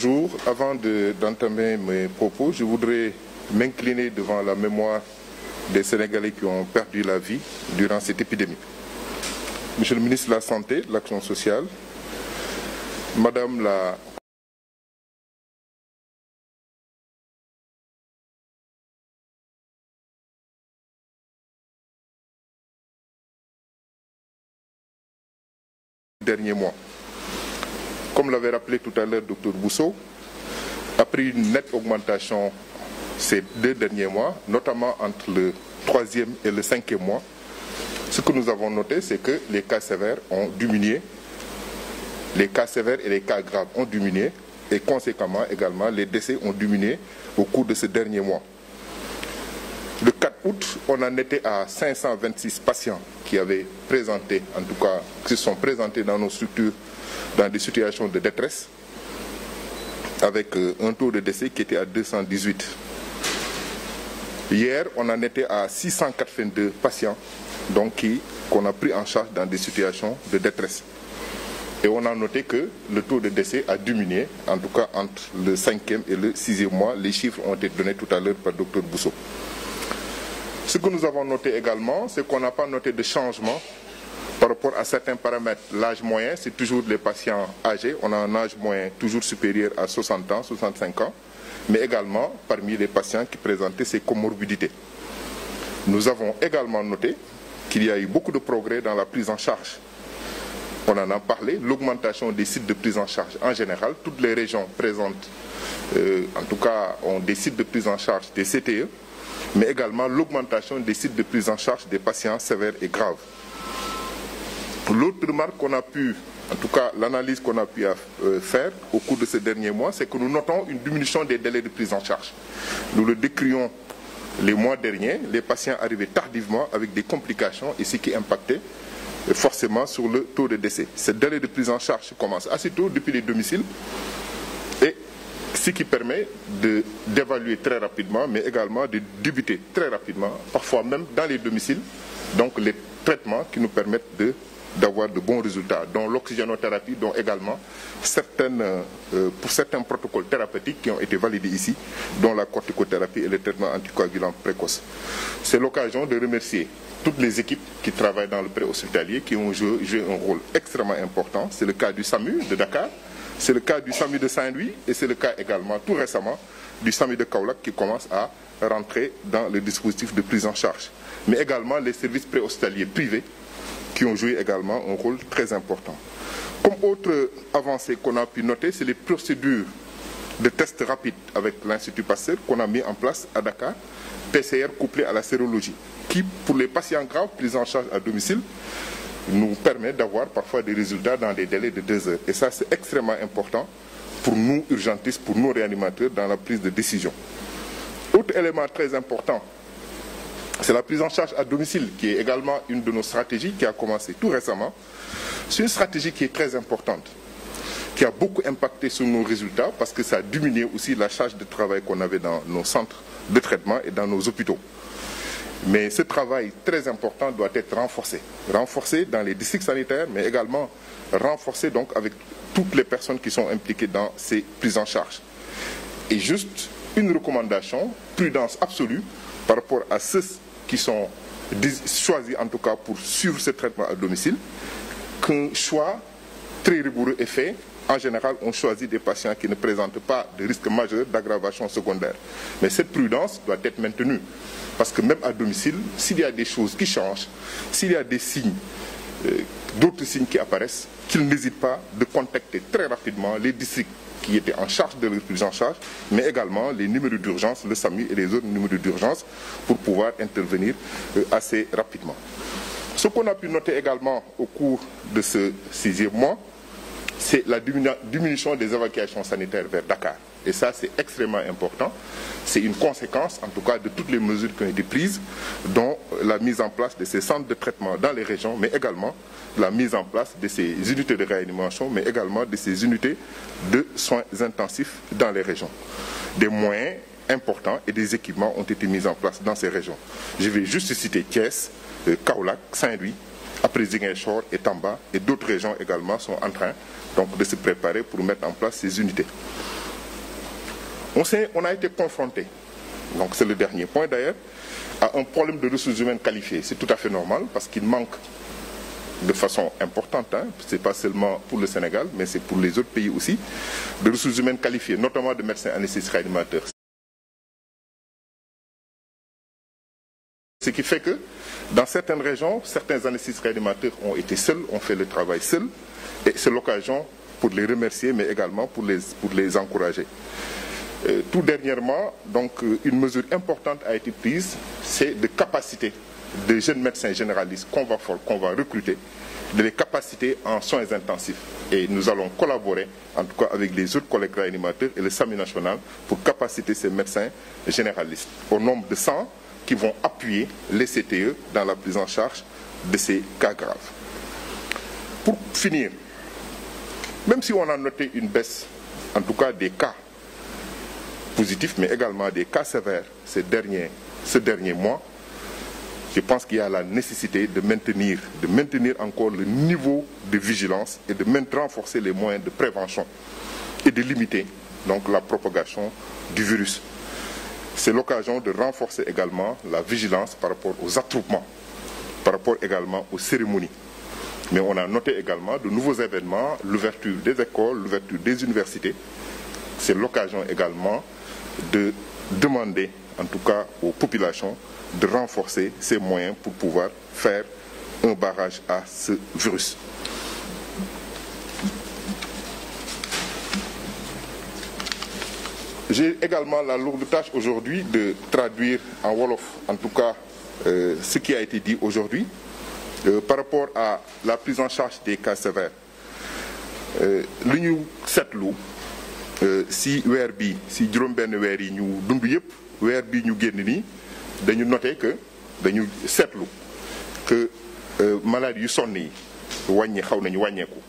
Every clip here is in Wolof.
Bonjour. Avant d'entamer mes propos, je voudrais m'incliner devant la mémoire des Sénégalais qui ont perdu la vie durant cette épidémie. Monsieur le ministre de la Santé, de l'Action sociale, Madame la derniers mois comme l'avait rappelé tout à l'heure Dr Bousso, a pris une nette augmentation ces deux derniers mois, notamment entre le troisième et le cinquième mois. Ce que nous avons noté, c'est que les cas sévères ont diminué, les cas sévères et les cas graves ont diminué, et conséquemment également, les décès ont diminué au cours de ces derniers mois. Le 4 août, on en était à 526 patients qui avaient présenté, en tout cas, qui se sont présentés dans nos structures dans des situations de détresse, avec euh, un taux de décès qui était à 218. Hier, on en était à 682 patients donc qu'on a pris en charge dans des situations de détresse. Et on a noté que le taux de décès a diminué, en tout cas entre le 5e et le sixième mois. Les chiffres ont été donnés tout à l'heure par Dr Bousso. Ce que nous avons noté également, c'est qu'on n'a pas noté de changement par rapport à certains paramètres, l'âge moyen, c'est toujours les patients âgés. On a un âge moyen toujours supérieur à 60 ans, 65 ans, mais également parmi les patients qui présentaient ces comorbidités. Nous avons également noté qu'il y a eu beaucoup de progrès dans la prise en charge. On en a parlé, l'augmentation des sites de prise en charge en général. Toutes les régions présentent euh, en tout cas, des sites de prise en charge des CTE, mais également l'augmentation des sites de prise en charge des patients sévères et graves. L'autre remarque qu'on a pu, en tout cas l'analyse qu'on a pu euh, faire au cours de ces derniers mois, c'est que nous notons une diminution des délais de prise en charge. Nous le décrions les mois derniers, les patients arrivaient tardivement avec des complications et ce qui impactait forcément sur le taux de décès. Ces délais de prise en charge commencent assez tôt depuis les domiciles et ce qui permet d'évaluer très rapidement, mais également de débuter très rapidement, parfois même dans les domiciles, donc les traitements qui nous permettent de d'avoir de bons résultats, dont l'oxygénothérapie, dont également certaines, euh, euh, pour certains protocoles thérapeutiques qui ont été validés ici, dont la corticothérapie et le traitement anticoagulant précoce. C'est l'occasion de remercier toutes les équipes qui travaillent dans le préhospitalier, qui ont joué, un rôle extrêmement important. C'est le cas du SAMU de Dakar, c'est le cas du SAMU de Saint-Louis et c'est le cas également tout récemment du SAMU de Kaolack qui commence à rentrer dans le dispositif de prise en charge. Mais également les services préhospitaliers privés qui ont joué également un rôle très important. Comme autre avancée qu'on a pu noter, c'est les procédures de tests rapides avec l'Institut Pasteur qu'on a mis en place à Dakar, PCR couplé à la sérologie, qui, pour les patients graves pris en charge à domicile, nous permet d'avoir parfois des résultats dans des délais de deux heures. Et ça, c'est extrêmement important pour nous urgentistes, pour nos réanimateurs dans la prise de décision. Autre élément très important c'est la prise en charge à domicile qui est également une de nos stratégies qui a commencé tout récemment. C'est une stratégie qui est très importante, qui a beaucoup impacté sur nos résultats parce que ça a diminué aussi la charge de travail qu'on avait dans nos centres de traitement et dans nos hôpitaux. Mais ce travail très important doit être renforcé. Renforcé dans les districts sanitaires, mais également renforcé donc avec toutes les personnes qui sont impliquées dans ces prises en charge. Et juste une recommandation, prudence absolue par rapport à ce qui sont choisis en tout cas pour suivre ce traitement à domicile, qu'un choix très rigoureux est fait. En général, on choisit des patients qui ne présentent pas de risque majeur d'aggravation secondaire. Mais cette prudence doit être maintenue. Parce que même à domicile, s'il y a des choses qui changent, s'il y a des signes, euh, d'autres signes qui apparaissent, qu'ils n'hésitent pas de contacter très rapidement les districts qui étaient en charge de la en charge, mais également les numéros d'urgence, le SAMU et les autres numéros d'urgence pour pouvoir intervenir euh, assez rapidement. Ce qu'on a pu noter également au cours de ce sixième mois, c'est la diminution des évacuations sanitaires vers Dakar. Et ça, c'est extrêmement important. C'est une conséquence, en tout cas, de toutes les mesures qui ont été prises, dont la mise en place de ces centres de traitement dans les régions, mais également la mise en place de ces unités de réanimation, mais également de ces unités de soins intensifs dans les régions. Des moyens importants et des équipements ont été mis en place dans ces régions. Je vais juste citer Thiès, euh, Kaolac, Saint-Louis, après Zingenshore et Tamba, et d'autres régions également sont en train de se préparer pour mettre en place ces unités. On, a été confronté, donc c'est le dernier point d'ailleurs, à un problème de ressources humaines qualifiées. C'est tout à fait normal parce qu'il manque de façon importante, hein. ce n'est pas seulement pour le Sénégal, mais c'est pour les autres pays aussi, de ressources humaines qualifiées, notamment de médecins anesthésistes réanimateurs. Ce qui fait que dans certaines régions, certains anesthésistes réanimateurs ont été seuls, ont fait le travail seuls, et c'est l'occasion pour les remercier, mais également pour les encourager. Euh, tout dernièrement, donc, euh, une mesure importante a été prise, c'est de capaciter des jeunes médecins généralistes qu'on va, recruter, de les capaciter en soins intensifs. Et nous allons collaborer, en tout cas avec les autres collègues réanimateurs et le Sami national, pour capaciter ces médecins généralistes au nombre de 100 qui vont appuyer les CTE dans la prise en charge de ces cas graves. Pour finir, même si on a noté une baisse, en tout cas des cas positifs, mais également des cas sévères ces derniers, ce dernier mois, je pense qu'il y a la nécessité de maintenir, de maintenir encore le niveau de vigilance et de même renforcer les moyens de prévention et de limiter donc la propagation du virus. C'est l'occasion de renforcer également la vigilance par rapport aux attroupements, par rapport également aux cérémonies. Mais on a noté également de nouveaux événements, l'ouverture des écoles, l'ouverture des universités. C'est l'occasion également de demander en tout cas aux populations de renforcer ces moyens pour pouvoir faire un barrage à ce virus. J'ai également la lourde tâche aujourd'hui de traduire en Wolof, en tout cas, euh, ce qui a été dit aujourd'hui euh, par rapport à la prise en charge des cas sévères. l'Union 7 Loup euh, si weer bi si juróom-benn weer yi ñu dund yëpp weer bi ñu génn nii dañu noté que dañu seetlu que euh, malade yu sonn yi wàññi xaw nañu wàññeeku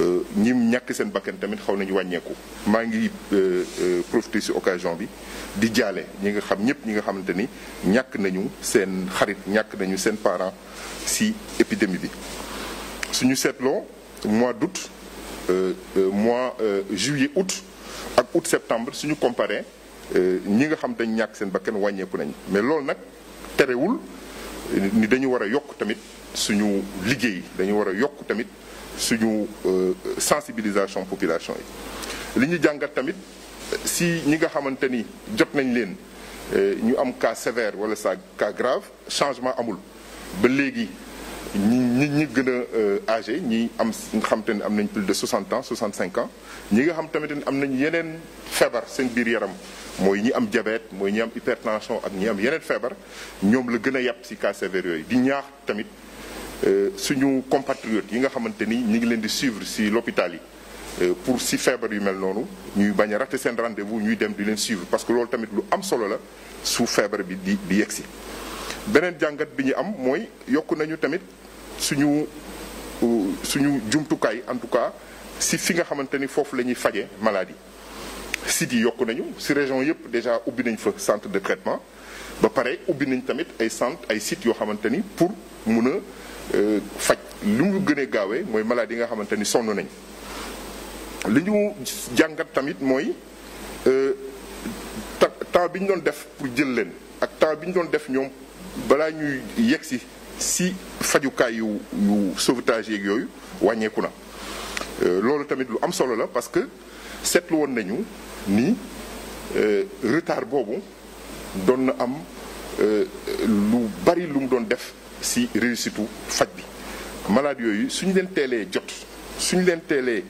euh, ñim ñàkk seen bakkan tamit xaw nañu wàññeeku maa ngi profité ci occasion bi di jaale ñi nga xam ñëpp ñi nga ni nañu seen xarit nañu mois d'août mois juillet août ak août septembre suñu nous euh, ñi nga xam dañ seen de nañ mais lool nak nous ni dañu wara yok tamit suñu liggéey dañu wara tamit euh, sensibilisation population yi li si ñi nga ni nañ euh, cas sévère wala sa cas grave changement amul ni ñi ñi gën ni euh, âgé ñi am nga am nañ plus de 60 ans 65 ans ni nga xam tamit am nañ yeneen feebar seen biir yaram mooy ñi am diabète mooy ñi am hypertension ak ñi am yeneen feebar ñoom la gën a yàpp ci cas sévère yooyu di ñaax tamit euh, suñu compatriotes yi nga xamante ni ñi ngi leen di suivre ci l'hôpital yi euh, pour si feebar yu mel noonu ñuy bañ a rater rendez-vous ñuy dem di leen suivre parce que loolu tamit lu am solo la su feebar bi di di yegsi benen jangat bi ñu am moy yokku nañu tamit suñu euh, suñu jumtukaay en tout cas si fi nga xamanteni fofu lañuy faje maladie sites yi yokku nañu si région yëpp déjà ubbi nañ fa centre de traitement ba pare ubbi nañ tamit ay centre ay site yo xamanteni pour mëna euh faj lu mu gën a gaawee maladie nga xamanteni ni sonn nañ liñu jangat jàngat tamit mooy euh, temps bi ñu doon def pour jël leen ak temps bi ñu doon def ñom balaa ñuy yegg si si fajukaay yu yu sauvetage yeeg yooyu wàññeeku na. Euh, loolu tamit lu am solo la parce que seetlu woon nañu ni euh, retard boobu doon na am euh, lu bari lu mu doon def si réussite faj bi malade yooyu suñu leen teelee jot suñu leen teelee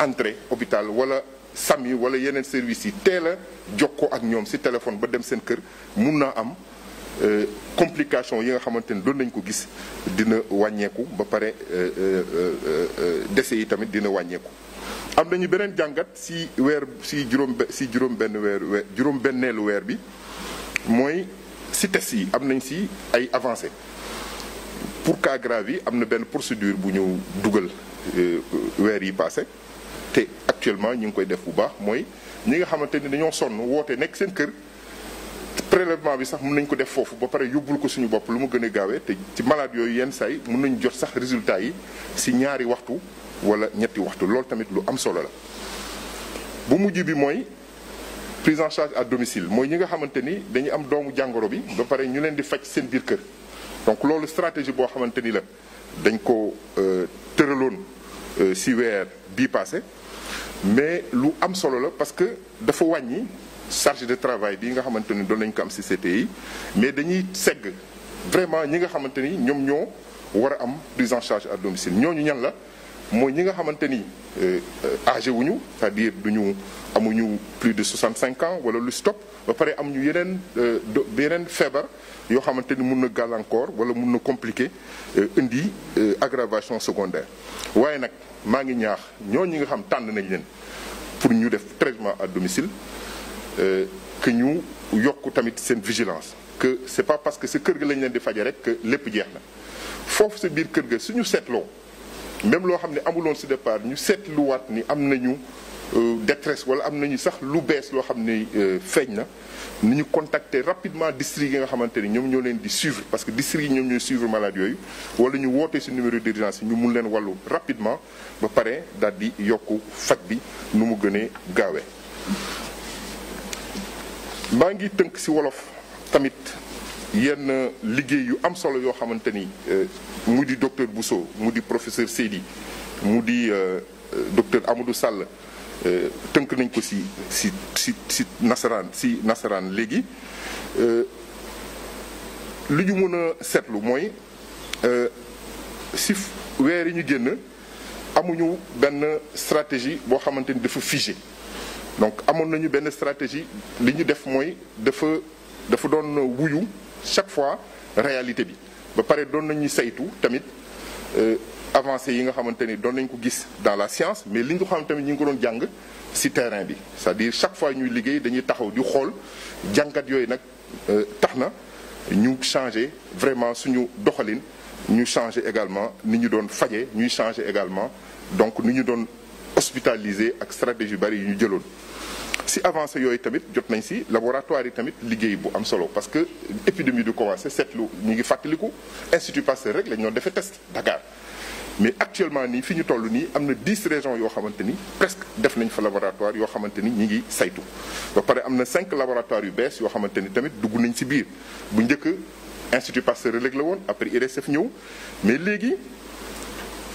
entrée hôpital wala. sam yi wala yeneen service yi teel a jokkoo ak ñoom si téléphone ba dem seen kër mun naa am Euh, complication yi nga xamantene doon nañ ko gis dina wañéku ba paré euh euh euh, euh dese yi tamit dina wañéku am nañu benen jangat si wèr si juróom si juróom ben wèr weer juróom benneelu weer bi moy si test yi am nañ si ay avancé pour cas grave yi am na benn procédure bu ñu dugal euh, weer yi passé té actuellement ñu ngi koy def bu baax moy ñi nga xamante dañoo sonn woote nek seen kër prélèvement bi sax mun nañ ko def foofu ba pare yóbbul ko suñu bopp lu mu gën a gaawee te ci malade yooyu yenn saa mun mën nañ jot sax résultat yi si ñaari waxtu wala ñetti waxtu loolu tamit lu am solo la. bu mujj bi mooy prise en charge à domicile mooy ñi nga xamante ni dañu am doomu jàngoro bi ba pare ñu leen di faj seen biir kër donc loolu stratégie boo xamante ni la dañ ko euh, tëraloon euh, si weer bii passé mais lu am solo la parce que dafa wàññi. charge de travail bi nga xamanteni do lañ ko am ci CTI mais dañuy ségg vraiment ñi nga xamanteni ñom niom ñoo wara am prise en charge à domicile niom ñan la mooy ñi nga xamanteni euh, âgé wuñu c'est-à-dire duñu amuñu plus de 65 ans wala lu stop ba paré amuñu yeneen yenen euh, feebar yoo xamante ni mun encore, gàllankoor wala mun na compliquer euh, indi aggravation secondaire waaye nak ma ngi ñaax ñooñu ñi nga xam tan nañ leen pour ñu def traitement à domicile euh, que ñu yokku tamit seen vigilance que c'est pas parce que ce kër ga lañ leen di faje rek que lepp jeex na foofu sa biir kër ga suñu seetloo même lo xamné ne amuloon si départ ñu wat ni amnañu euh, détresse wala amnañu sax lu bees lo xamné ne euh, na ni ñu contacter rapidement district yi nga xamanteni ñom ñoo leen di suivre parce que district yi ñoom suivre malade yoyu wala ñu woté ci numéro d'urgence ñu mën leen wàllu rapidement ba paré dal di yokku faj bi nu mu gëné gaawee maa ngi tënk ci wolof tamit yenn liggéey yu am solo yoo xamante ni euh, mu di docteur Bousso mu di professeur Seydi mu di euh, euh, docteur Amadou Sall tënk nañ ko ci ci ci ci nasaraan ci nasaraan léegi li ñu mën a seetlu mooy si weer yi ñu génn amuñu benn stratégie boo xamante ni dafa figé donc amoon nañu benn stratégie li ñu def mooy dafa dafa doon wuyu chaque fois réalité bi ba pare doon nañu saytu tamit euh, avancées yi nga xamanteni ni doon nañ ko gis dans la science mais li ñu ko xam tamit ñu ngi ko doon jang ci terrain bi c'est-à-dire chaque fois ñuy liggéey dañuy taxaw di xool jangat yooyu nag euh, tax na ñu changer vraiment suñu doxalin ñu changer également ni ñu doon fajee ñuy changer également donc ni ñu doon hospitaliser ak stratégie bari yu ñu jëloon si avancé yoy tamit jot nañ si laboratoire tamit liguey bu am solo parce que épidémie du set seetlu ñi ngi fatlikou institut Pasteur rek lañ doon defee test Dakar mais actuellement ni fiñu tollu ni amna 10 dix régions yo xamanteni presque def nañ fa laboratoire yo xamanteni ñi ngi saytu ba paré amna 5 cinq laboratoires yu bees yo xamanteni tamit duggu nañ ci biir bu njëkk institut Pasteur rek la won après IRSF e ñew mais légui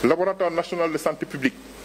laboratoire national de santé publique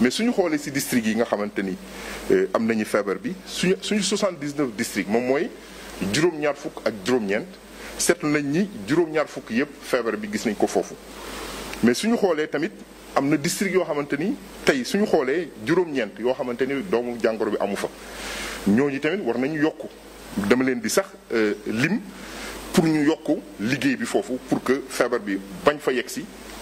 mais suñu xoolee ci districts yi nga xamante ni euh, am nañu feebar bi suñu suñu 79 districts moom mooy juróom-ñaar fukk ak juróom-ñeent seetlu nañ ni juróom-ñaar fukk yëpp feebar bi gis nañ ko foofu. mais suñu xoolee tamit am na district yoo xamante ni tey suñu xoolee juróom-ñeent yoo xamante ni doomu jàngoro bi amu fa ñooñu tamit war nañu yokk dama leen di sax euh, lim. pour ñu yokk liggéey bi pour que feebar bi bagn fa yegg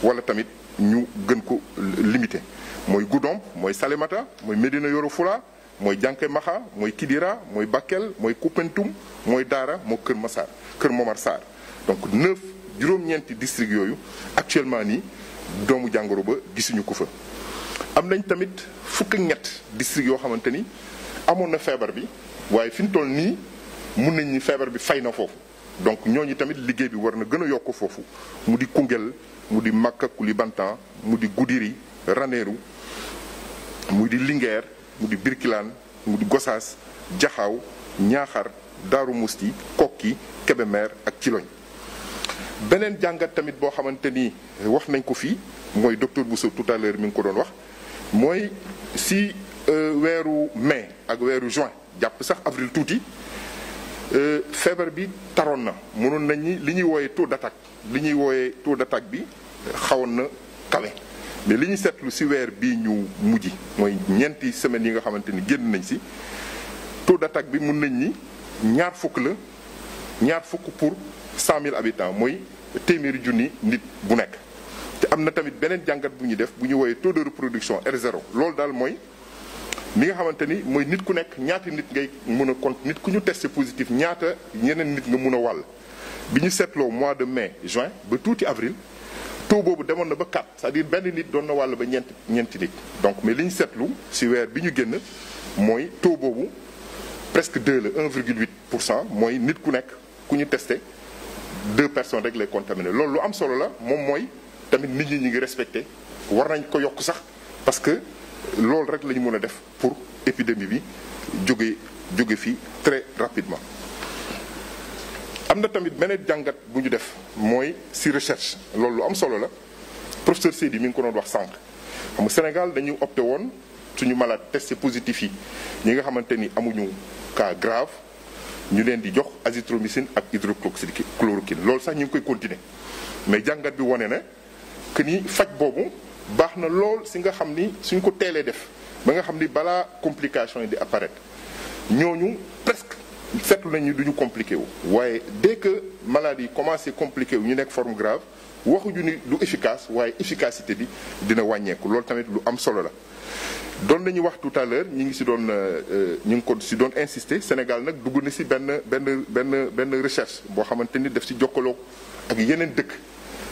wala tamit ñu gën ko limiter moy goudom moy salemata moy medina Yoro Fula mooy Janké Maxa Kidira moy Bakel moy Kupentum, moy Dara, mo keur Massar keur Momar sar donc neuf juróom-ñeenti district yoyu actuellement ni doomu jangoro ba gisunu ko fa. am nañ tamit fukk ñet district yo xamanteni xamante ni na feebar bi waye fiñ mu toll nii mun nañ ni feebar bi fay na donc ñooñu tamit liggéey bi war na gën a yokk foofu mu di Koungheul mu di mudi mu di Goudiri raneeru mu di mudi mu di Birkilaan mu di Gossas Jaxaaw Ñaaxar Daaru Musti Kokki kebemer ak Ciloñ beneen jàngat tamit boo xamante ni wax nañ ko fii mooy docteur Bousso tout à l'heure mi ngi ko doon wax mooy si euh, weeru mai ak weeru juin jàpp sax avril tuuti Euh, feebar bi taroon na mënoon nañ ni li ñuy wooyee taux d'attaque li ñuy wooyee taux d'attaque bi xawoon na kawe mais li ñu seetlu ci weer bii ñu mujj mooy ñeenti semaines yi nga xamante ni génn nañ ci taux d'attaque bi mun nañ ni ñaar fukk la ñaar fukk pour cent mille habitants mooy téeméeri junni nit bu nekk te am na tamit beneen jàngat bu ñu def bu ñu wooyee taux de reproduction R0 loolu daal mooy mi nga xamante ni mooy nit ku nekk ñaati nit ngay mën a compte nit ku ñu testé positif ñaata ñeneen nit nga mën a wàll bi ñu seetloo mois de mai juin ba tuuti avril taux boobu demoon na ba 4 c'est-à-dire benn nit doon na wàll ba ñent ñeenti nit donc mais li ñu seetlu ci weer bi ñu génn mooy taux boobu presque 2 la 1,8 pour cent mooy nit ku nekk ku ñu testé deux personnes rek lay contaminé loolu lu am solo la moom mooy tamit nit ñi ñi ngi respecté war nañ ko yokk sax parce que c'est rek lañu mëna pour épidémie bi très rapidement am tamit def recherche am solo la professeur Seydi mi ngi ko wax Sénégal dañu opté suñu malade positif yi ñi nga cas grave ñu leen di jox azithromycine ak hydroxychloroquine loolu sax mais jangat bi que ni faj bobu baax na lool si nga xam ni suñ ko teelee def ba nga xam ni balaa complication yi di apparaître ñooñu presque seetlu nañ ni du ñu compliqué wu. waaye dès que maladie commencé compliqué wu ñu nekk forme grave waxuñu ni du efficace waaye efficacité bi dina wàññeeku loolu tamit lu am solo la. doon nañu wax tout à l'heure ñi ngi si doon euh, euh, ñu ngi ko si doon insister Sénégal nag dugg na si benn benn benn benn recherche boo xamante ni daf si jokkaloo ak yeneen dëkk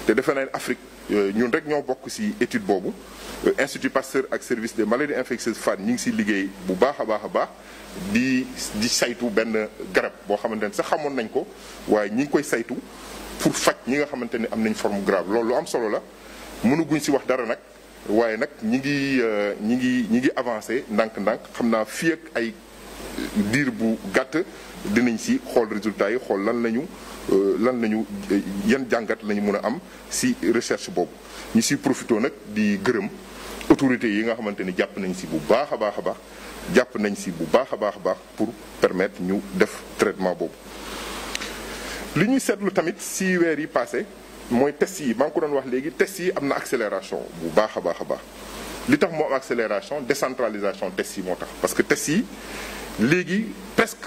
te defe naa Afrique. Euh, ñun rek ñoo bokk ci étude boobu euh, Institut Pasteur ak service des maladies infectieuses fan ñu ngi ci liggéey bu baax a baax a baax di di saytu benn garab boo xamante ne sax xamoon nañ ko waaye ñi ngi koy saytu pour faj ñi nga xamante ne am nañ forme grave loolu lu am solo la mënuguñ ci wax dara nag waaye nag ñi ngi euh, ñi ngi ñi ngi avancé ndank ndank xam naa fii ak ay diir bu gàtt dinañ ci xool résultat yi xool lan lañu euh, lan lañu euh, yan jangat lañu mëna am si recherche boobu ñu si profito nak di gërëm autorité yi nga xamanteni japp nañ ci bu baax a baax japp nañ si bu baax a baax pour permettre ñu def traitement bob. li ñuy seetlu tamit si weer yi passé mooy test yi maa ngi ko doon wax léegi test yi am na accélération bu baax a baax a baax li tax moo am accélération décentralisation test yi moo tax parce que test yi léegi presque.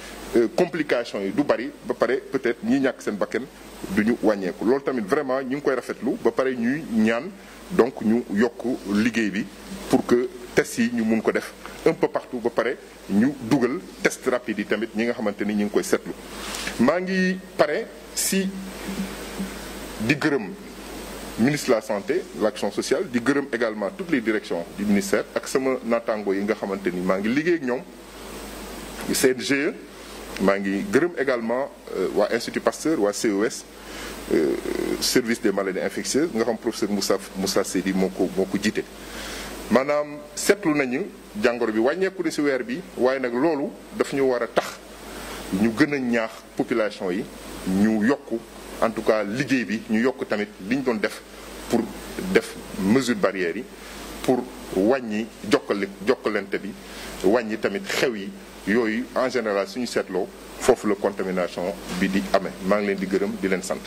Euh, complication du bari ba paré peut-être ñi ñak sen bakken duñu ñu wàññeeku loolu tamit vraiment ñu koy rafetlu ba paré ñuy ñaan donc ñu yokku liggéey bi pour que test yi ñu mun ko def un peu partout ba paré ñu dugal test rapide tamit ñi nga xamante ni ñu koy seetlu ma ngi paré si di gërëm ministre de la santé l'action sociale di gërëm également toutes les directions du ministère ak sama natango yi nga xamante ma ngi liggéey ak ñoom CNGE Mangi. ngi également euh, waa institut Pasteur waa CES euh, service des maladies infectieuses nga xam professeur Moussa Moussa Sedi, moo ko moo ko jiite. maanaam seetlu nañu jàngoro bi wàññeeku na si weer bi waaye nag loolu daf ñu war tax ñu ñaax population yi ñu en tout cas liggéey bi ñu yokk tamit liñ doon def pour def mesure barrière pour wañi jokkale jokkalante bi wañi tamit xew yi yooyu en général suñu setlo foofu la contamination bi di amé mang leen di gërëm di leen sant